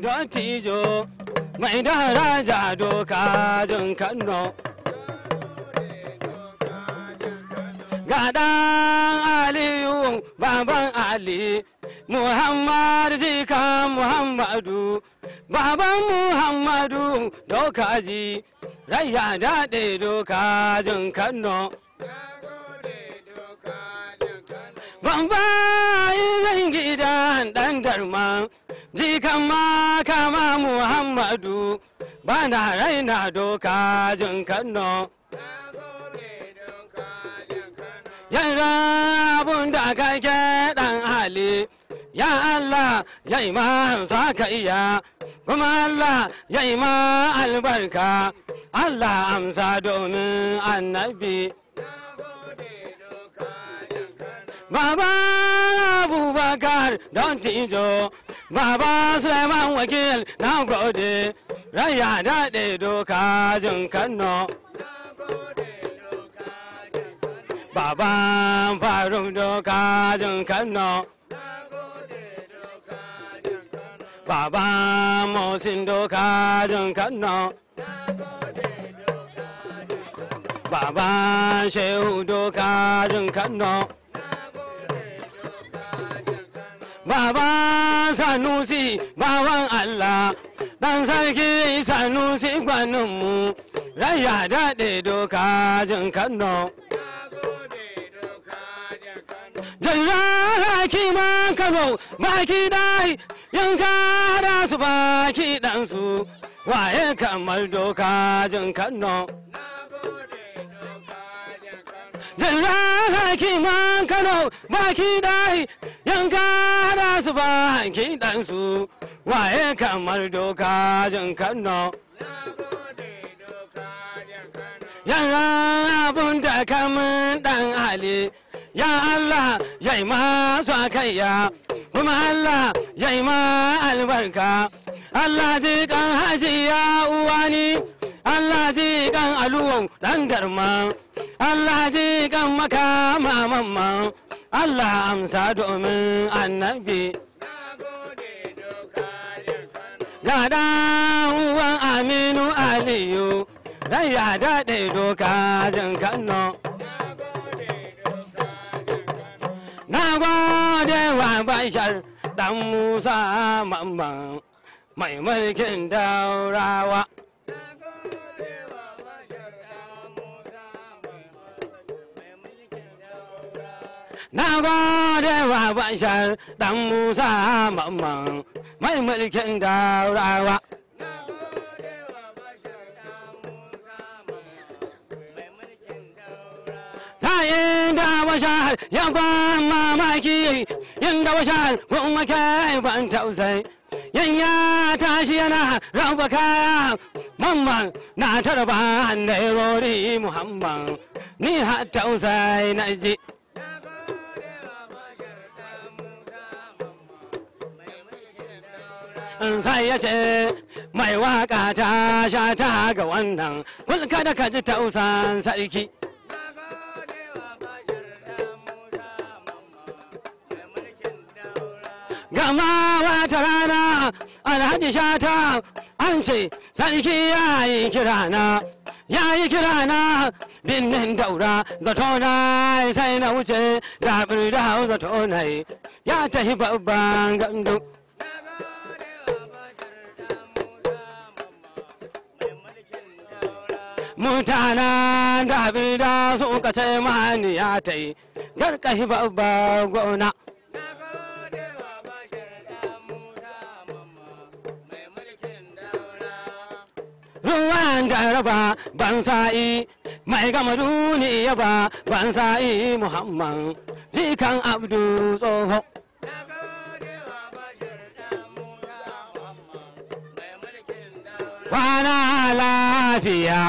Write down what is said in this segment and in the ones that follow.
don tijo mai da raja doka jin kano gaɗan aliyu baban ali muhammad jika muhammadu baban muhammadu doka ji rayya daɗe doka jin kano Kan bayan gidan ɗan darma, jikan ma kama Muhammadu, ba na raina doka jin Kano. Yanzu abun da kake dan hali, ya Allah ya yi ma ka iya, kuma Allah ya yi ma albarka, Allah amsa domin annabi. Baba Abubakar don tijo, Baba Suleiman wakil na gode, raya daɗe doka jin Kano. Baba Faruk doka jin Kano. Baba Musin doka jin Kano. Baba Shehu doka jin Kano. baba sanusi bawan Allah dan sarki sanusi gwaninmu raya daɗe doka jin kano Jalla hakiman kano baki dai yanka da su baki ɗansu waye kamar doka jin kano. jalla kiman kano baki dai yanka da su baki dan su waye kamar doka jin kano yanga abun da kamun dan ali ya allah ya yi masu kaiya kuma allah ya yi ma albarka allah zai kan haji ya Allah ji kan aluwan dan garma Allah ji kan makama mamma Allah amsa domin annabi ga uwan aminu aliyu dan ya daɗe doka jin kano na gode wa bashar dan musa mamman mai mulkin daurawa Na gode wa bashar dan Musa mamman mai mulkin daurawa. yayin da bashar ya ban mamaki yin da bashar kuma kai ban tausai Yanya tashi yana raba kaya mamman na tarba da rori muhammad ni ha tausai na ji sai ya ce mai waka ta sha ta ga wannan mulka da kaji tausan sarki gama wata rana alhaji shata an ce sarki ya yi kirana ya yi kirana binnin daura zato na sai na wuce da birda zato na ya tafi babban gandu mutanen da abida sun kace maniya ta yi garkashi babba gona ruwan jaraba ban sa'i mai gama duniya ba ban sa'i muhammad jikan abdu tsoho kwana lafiya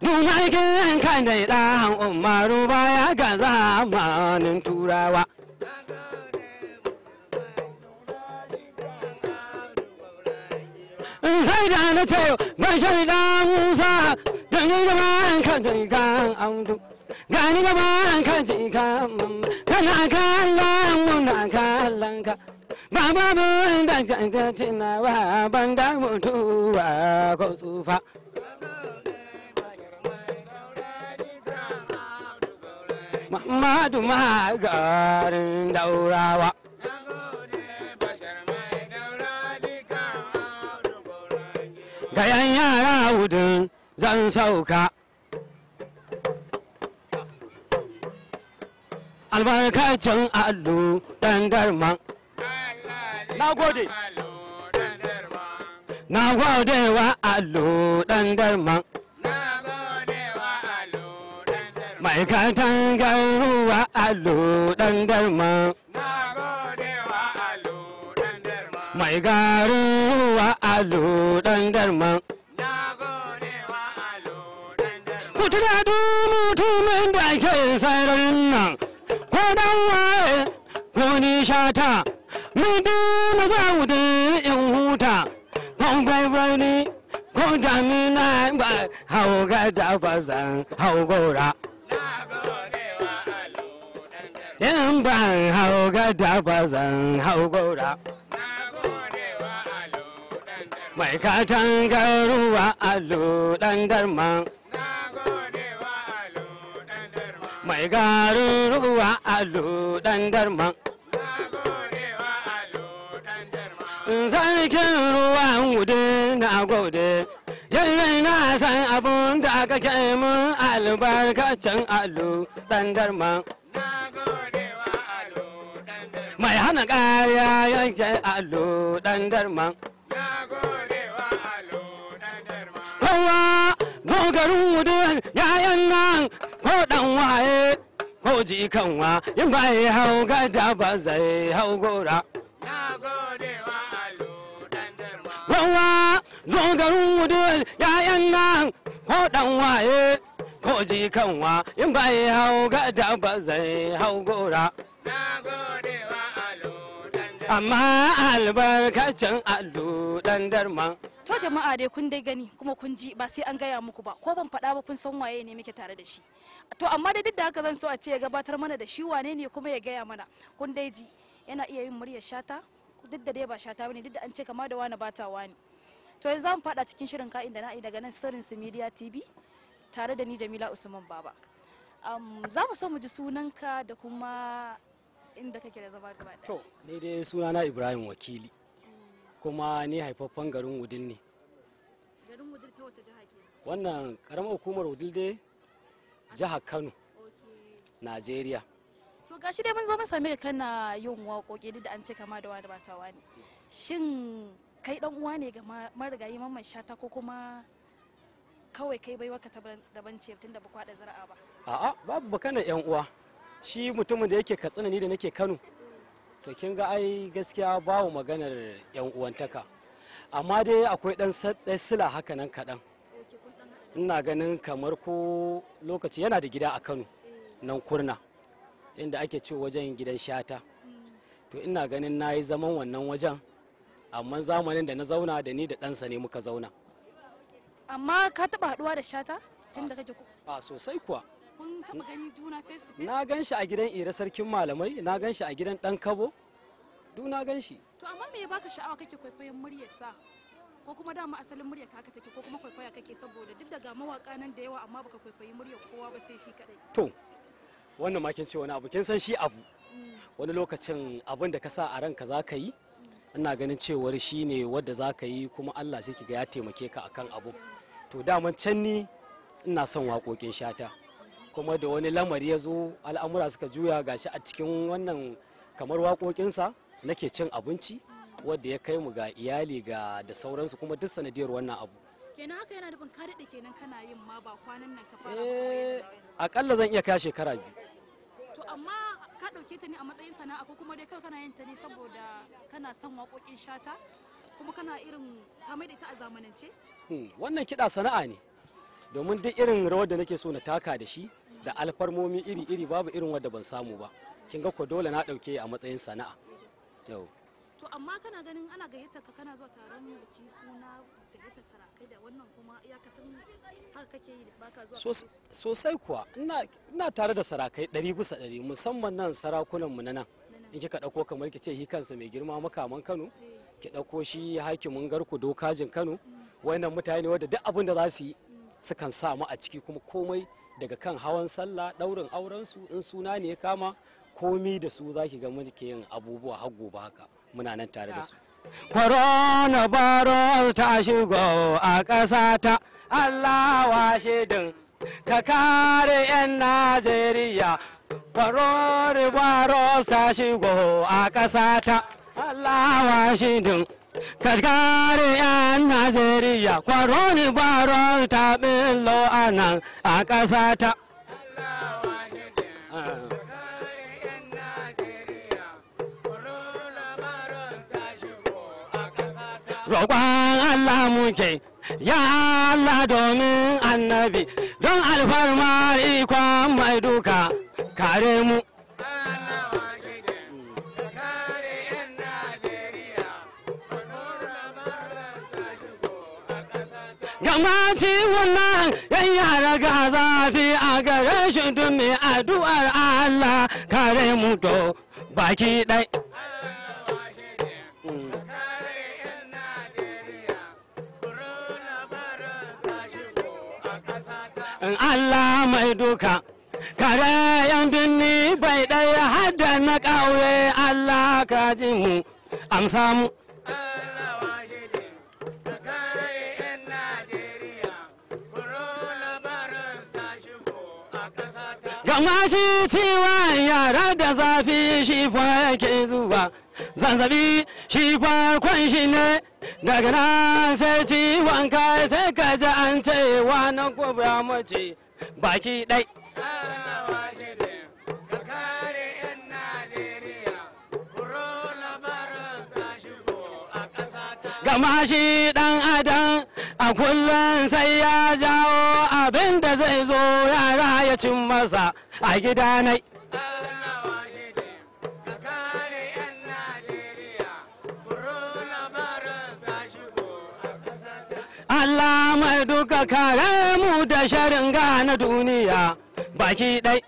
Numaikin kan dai ɗan umaru baya ga zamanin turawa. Sai da na ce ban shaida Musa da ni gaban kan dai kan amdu. Gani gaban kan dai kan mamma kana kallon muna kallon ka. Baba mun da janta tunawa ban damu mutuwa ko tsufa. Muhammadu ma garin daurawa. Kayan yara wudin zan sauka. Albarkacin allo dan darman. Na gode. Na gode wa allo dan darman. mai gatan garuwa a dan darma mai garuwa a dan darma ku tuna mutumin da ke sararin nan ko dan waye ko ni shata mu da mu in huta kan gwaiwai ko damina ba hau gada bazan zan hau gora in ban hau gada ba zan hau gora mai katangar ruwa a ludan darma mai garin ruwa a ludan darma sarkin ruwa wude na gode yanzu na san abun da kake mun albarkacin alu dan darma mai hana kaya yanke allo dan darman kowa dogarin wudin yayan nan ko dan waye ko jikanwa in ba ya hau gada ba zai hau gora kowa dogarin wudin yayan nan ko dan waye ko ji kanwa in ba ya hau gada ba zai hau gora. Amma albarkacin allo dan darma. To jama'a dai kun dai gani kuma kun ji ba sai an gaya muku ba ko ban faɗa ba kun san waye ne muke tare da shi. To amma dai duk da haka zan so a ce ya gabatar mana da shi wane ne kuma ya gaya mana kun dai ji yana iya yin muryar shata duk da dai ba shata bane duk da an ce kama da wani bata wani. To yanzu an faɗa cikin shirin ka'in da na'i daga nan sirrin su media tv tare da ni Jamila Usman Baba. Um, za mu so mu ji sunanka da kuma inda kake da zama gaba To, ni dai sunana Ibrahim Wakili. Kuma ni haifaffen garin Wudil ne. Garin Wudil ta wace jiha ke? Wannan karamar hukumar Wudil dai jiha Kano. Najeriya. To gashi dai mun zo mun same ka kana yin waƙoƙi da an ce kama da wani batawa ne. Shin kai dan uwa ne ga marigayi mamman shata ko kuma kawai kai bai waka daban ce tun da ba kwaɗa ba a'a babu bakanan yan uwa shi mutumin da yake katsina ni da nake kano to kin ga ai gaskiya babu maganar yan uwantaka amma dai akwai ɗan sila haka nan kaɗan ina ganin kamar ko lokaci yana da gida a kano nan kurna inda ake ce wajen gidan shata to ina ganin na yi zaman wannan wajen amma zamanin da na zauna da ni da ɗansa ne muka zauna amma ka taba haduwa da shata tun da kake a sosai kuwa kun taba gani juna face to face na gan shi a gidan ira sarkin malamai na gan shi a gidan dan kabo duk gan shi to amma me ya baka sha'awa kake kwaikwayon muryar sa ko kuma dama asalin muryar haka take ko kuma kwaikwaya kake saboda duk ga mawaka nan da yawa amma baka kwaikwayi muryar kowa ba sai shi kadai to wannan ma kin ce wani abu kin san shi abu mm. wani lokacin abin da ka sa a ranka za ka yi ina ganin cewar shi ne wadda za ka yi kuma allah sai ga ya taimake ka akan abu to daman can ni ina son waƙoƙin shata kuma da wani lamari ya zo al'amura suka juya ga gashi a cikin wannan kamar waƙoƙinsa nake cin abinci wadda ya kai mu ga iyali ga da sauransu kuma duk sanadiyar wannan abu kenan haka yana da ka daɗe kenan kana yin ma ba kwanan nan ka fara akalla eh, zan iya kaya shekara biyu to amma ka ɗauke ta ne a matsayin sana'a ko kuma dai kawai kana yin ta ne saboda kana son waƙoƙin shata kuma kana irin ka mai da ita a zamanance? Hmm, wannan kiɗa sana'a ne domin duk irin rawar da nake so na taka da shi da alfarmomi iri-iri babu irin wadda ban samu ba kin ga ko dole na ɗauke a matsayin sana'a yau to amma kana ganin ana gayyata ka kana zuwa taron biki suna sosai kuwa ina tare da sarakai ɗari bisa ɗari musamman nan sarakunan mu na nan in kika ɗauko kamar ki ce hi kansa mai girma makaman Kano eh. ki ɗauko shi hakimin garku dokajin Kano mm. wannan mutane wadda duk abin da za su yi mm. sukan sa mu a ciki kuma komai daga kan hawan sallah ɗaurin auren su in suna ne ya kama komi da su zaki ga muke yin abubuwa har gobe haka muna nan tare da su Korona baro ta shigo a ƙasata Allah washe din ka kare 'yan Najeriya Korona baro ta shigo a ƙasata Allah washe din ka kare 'yan Najeriya Korona baro ta bin a a ƙasata. roƙon Allah muke ya Allah domin annabi don alfarma ikon mai duka kare mu gama ciwon yan yara ga zafi a gare shi dumi addu'ar Allah kare mu to baki ɗai. Allah mai duka. Kare yan binni bai ɗaya hada na ƙauye Allah ka ji mu amsa mu. Gama shi ciwon yara da zafi shi fa yake zuwa, zanzabi shi fa shi ne daga nan sai ci wanka sai ka ji an ce wa na kubra mace baki dai gama shi dan adam a kullum sai ya jawo abinda zai zo yara ya cin masa a gidanai. Allah mai duka kare mu da sharin na duniya baki dai.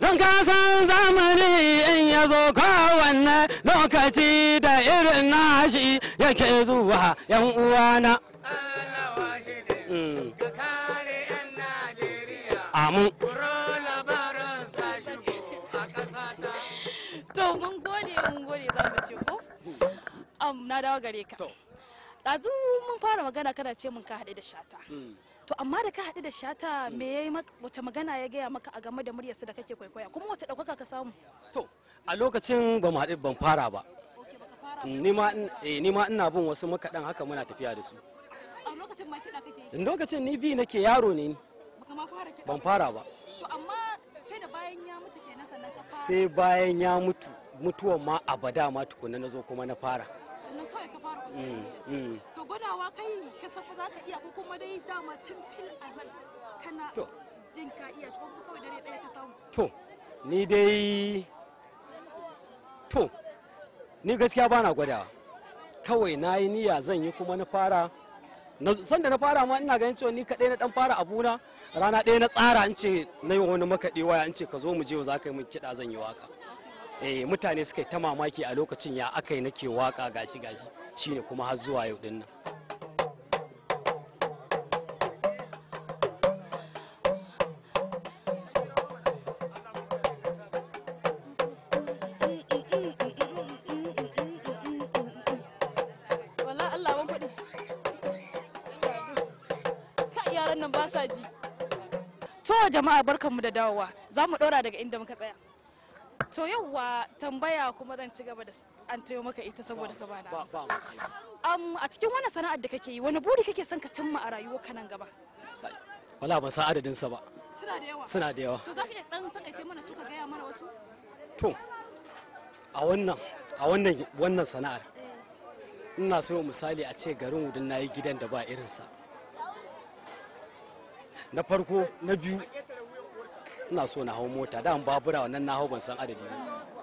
Don kasan zamani in ya zo kowanne lokaci da irin nashi yake zuwa 'yan uwana. na dawo gare ka ɗazu mun fara magana kana ce mun ka haɗu da shata mm. to amma da ka haɗu da shata me mm. ya yi wata magana ya gaya maka a game da muryarsa da kake kwaikwaya kuma wata ɗaukaka ka samu to a lokacin ba mu haɗu ban fara ba mm, eh, ni ma ina bin wasu makaɗan haka muna tafiya da su a lokacin ma kiɗa kake yi lokacin ni bi nake yaro ne ban fara ba to amma sai da bayan ya mutu kenan sannan ka fara sai bayan ya mutu mutuwan ma abada ma tukunna na zo kuma na fara Eh, eh. to gwadawa kai ka san za ka iya ko kuma dai dama tun fil azal kana jin ka iya ko kuma kawai dare ɗaya ka samu to ni dai to ni gaskiya ba na gwadawa kawai na yi niyya zan yi kuma na fara sanda na fara ma ina ganin cewa ni kaɗai na ɗan fara abuna rana ɗaya na tsara an ce na yi wani makaɗi waya an ce ka zo mu je za ka yi min kiɗa zan yi waka eh mutane suka yi ta mamaki a lokacin ya aka yi nake waka gashi gashi ne kuma har zuwa yau dinnan. jama'a barkanmu da dawowa za mu ɗora daga inda muka tsaya. To wa tambaya kuma zan ci gaba da an tayo maka ita saboda ka bana amsa. a cikin wani sana'ar da kake yi wani buri kake son ka cimma a ka nan gaba? Wala ba sa adadin sa ba. Suna da yawa. Suna da yawa. To zaka iya dan takaice mana suka gaya mana wasu? To a wannan a wannan wannan sana'ar eh. ina so misali a ce garin wudin nayi gidan da ba irinsa. Na farko na biyu ina so na hau mota da babura wannan na hau ban san adadi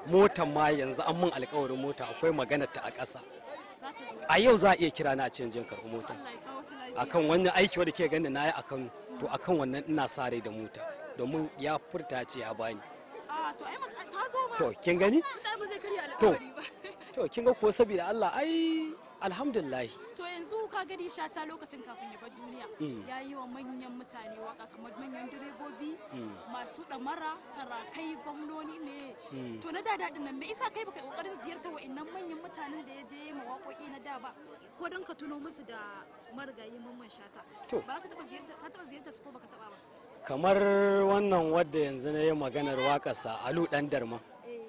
motan ma yanzu an mun alkawarin mota akwai maganar ta a ƙasa a yau za a iya kira na a cikin jin karɓi mota akan wannan aiki wanda ke gani na yi akan to akan wannan ina sa rai da mota domin ya furta ce ya bani to kin gani to to kin ga ko saboda Allah ai alhamdulillah to yanzu ka gani shata lokacin kafin ya bar duniya mm. ya yi wa manyan mutane waka kamar manyan direbobi mm. masu damara sarakai gwamnoni ne mm. to na dadadin nan me isa kai baka kokarin ziyartar wa'annan manyan mutanen da ya je ma waƙoƙi na da ba ko don ka tuno musu da marigayi mamman shata to ba ka taba ziyarta ka taba ziyarta su ko baka taba ba kamar wannan wadda yanzu na yi maganar waƙarsa alu ɗan darma eh.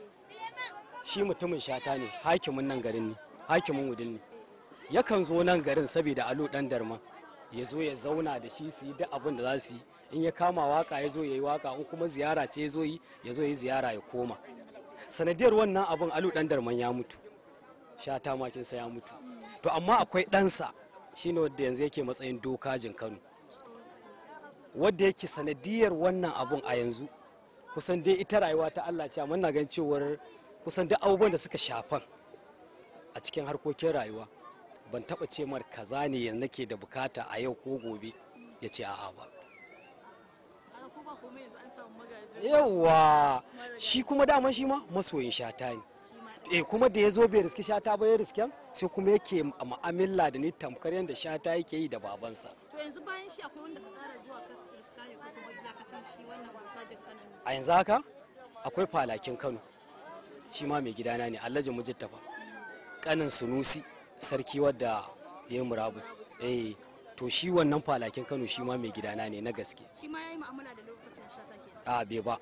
shi mutumin shata ne hakimin nan garin ne hakimin wudin ne yakan zo nan garin saboda alo dan darma ya zo ya zauna da shi su yi duk abin da za su yi in ya kama waka ya zo ya yi waka in kuma ziyara ce ya zo yi ya zo ya yi ziyara ya koma sanadiyar wannan abin alo dan darman ya mutu makin sa ya mutu to amma akwai ɗansa shine wadda yanzu yake matsayin dokajin kano wanda yake sanadiyar wannan abun a yanzu kusan dai ita rayuwa ta allah ce ina gan cewar kusan duk abubuwan da suka shafan a cikin harkokin rayuwa ban taɓa ce mar kaza ne yanzu nake da bukata a yau ko gobe ya ce a'a ba yawwa shi kuma dama shi ma masoyin shata ne E, kuma da ya zo bai riski shata ba ya risken sai kuma yake ma'amilla da ni tamkar yadda shata yake yi da babansa to yanzu bayan shi akwai wanda ka kara zuwa ka riska ne ko kuma iyakacin shi wannan tajin kano a yanzu haka akwai falakin kano shi ma mai gidana ne allajin mujittafa kanin sunusi sarki wadda ya yi murabus eh to shi wannan falakin kano shi ma mai gidana ne na gaske shi ma ya yi mu'amala da lokacin shata ke a bai ba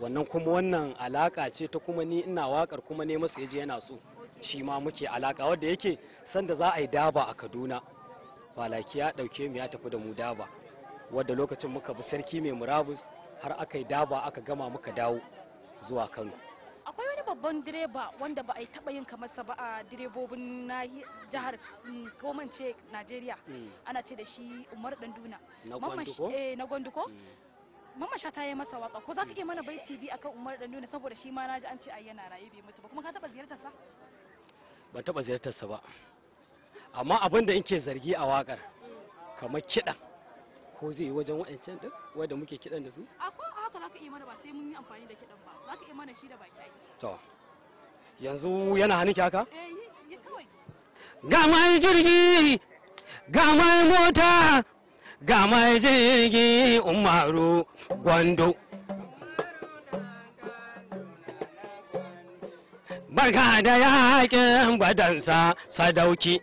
wannan kuma wannan alaka ce ta kuma ni ina wakar kuma ne masa yaje yana so shi ma muke alaka wadda yake sanda za a yi daba a kaduna falaki ya dauke mu ya tafi da mu daba wadda lokacin muka bi sarki mai murabus har aka yi daba aka gama muka dawo zuwa kano babban direba wanda ba a yi taba yin kamar sa ba a direbobin na jihar mm, komance Najeriya mm. ana ce da shi Umar Danduna na Gwanduko. Eh, mm. Mamman Shata ya masa waka ko za ka iya mana bai TV akan Umar Danduna saboda shi ma na ji an ce ai yana raye bai mutu ba kuma ka taba ziyartar sa ban taba ziyartar sa ba amma abin da ke zargi a wakar kamar kiɗan ko zai yi wajen wa'ancan din wanda muke kiɗan da su akwai mana ba sai mun yi amfani da kiɗan ba za ka iya mana shi da baki ai to yanzu yana hannunki haka eh kawai ga mai jirgi ga mai mota ga mai jirgi umaru gwando barka da yakin gwadansa sadauki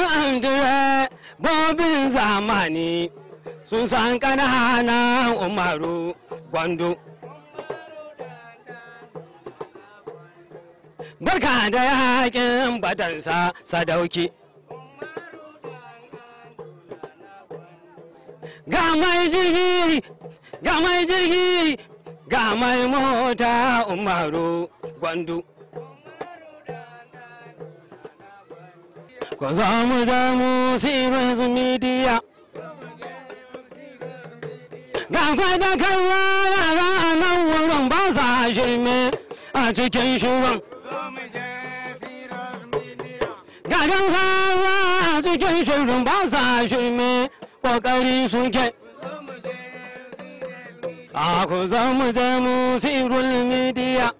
an an bobin zamani sun san ƙananan umaru gwando barka da yakin batansa sadauki ga mai jirgi ga mai jirgi ga mai mota umaru gwandu Ku za mu za mu sirus media. Ga fadakarwa yara a nan wurin ba sa shirme a cikin shirin Ga gausawa a cikin shirin ba sa shirme ƙoƙari suke. A ku za mu je mu sirul media.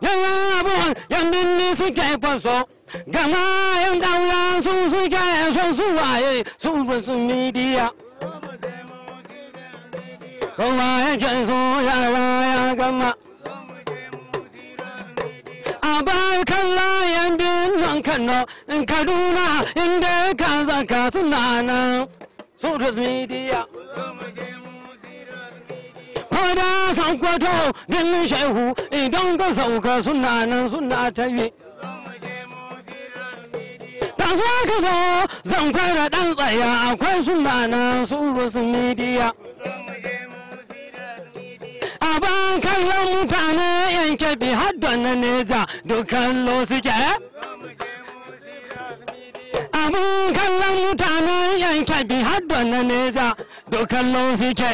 Yaya yan binni suke kwaso gama yan ƙauya sun suke so su waye su basu midiya kowa yake so yara ya gama abar kalla yan binnin kano in kaduna inda ka zaka suna nan su midiya ko da sankwato ganin shehu idan ka sauka suna nan suna yi. ta zo ka zo zan fara dan tsaya akwai suna nan su midiya a ban kallon mutane yanke bi haddon na neja dukkan lo suke Aban kallon mutane yanke bi haddon na neja dukkan lo suke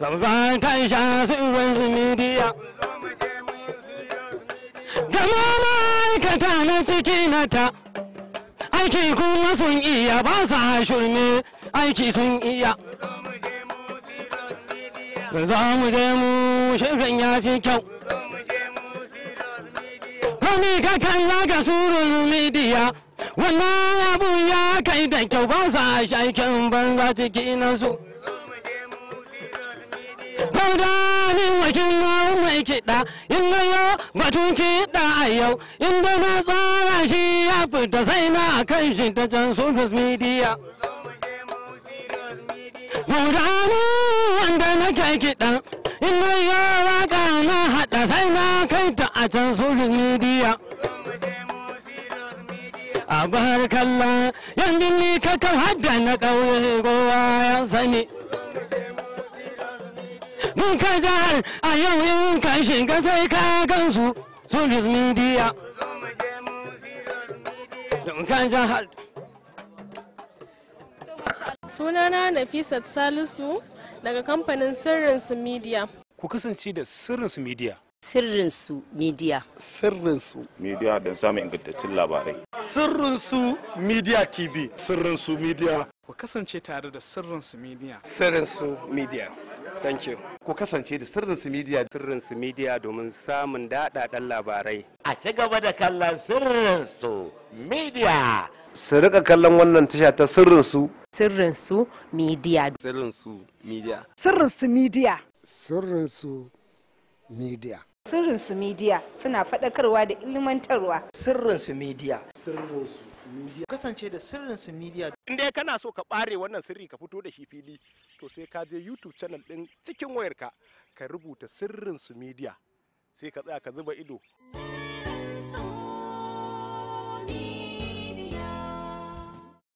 babban kan sha su wasu midiya gama ma'aikata na ciki na ta aiki kuma sun iya ba sa shirme aiki sun iya za mu je mu shirin ya fi kyau kone ka kalla ga surun midiya wannan abu ya kai da kyau ba sa shakin banza ciki na su ni wakin yau mai kiɗa, da yau batun kiɗa a yau, inda na tsara shi ya fita sai na kan shi ta can Sunus Media. ni wanda kai kiɗa, da yau waka na haɗa sai na kai ta a can Sunus Media. A bahar kalla, yan ni ka kan hadda na ƙauye kowa ya sani. mun kai jihar a yau in ka sai ka gansu solis media sunana nafisat salisu daga kamfanin sirrinsu media ku kasance da sirrinsu media sirrinsu media sirrinsu media don samun ingantaccen labarai sirrinsu media tv sirrinsu media ku kasance tare da sirrin su media sirrin su media thank you ku kasance da sirrin su media sirrin su media domin samun dadadan labarai a ci gaba da kallon sirrin su media su rika kallon wannan tasha ta sirrin su sirrin su media sirrin su media sirrin su media sirrin su media sirrin su media suna faɗakarwa da ilmantarwa sirrin su media sirrin su media kasance da sirrin su media in dai kana so ka bare wannan sirri ka fito da shi fili to sai ka je youtube channel din cikin wayarka ka rubuta sirrin su media sai ka tsaya ka zuba ido sirrin su media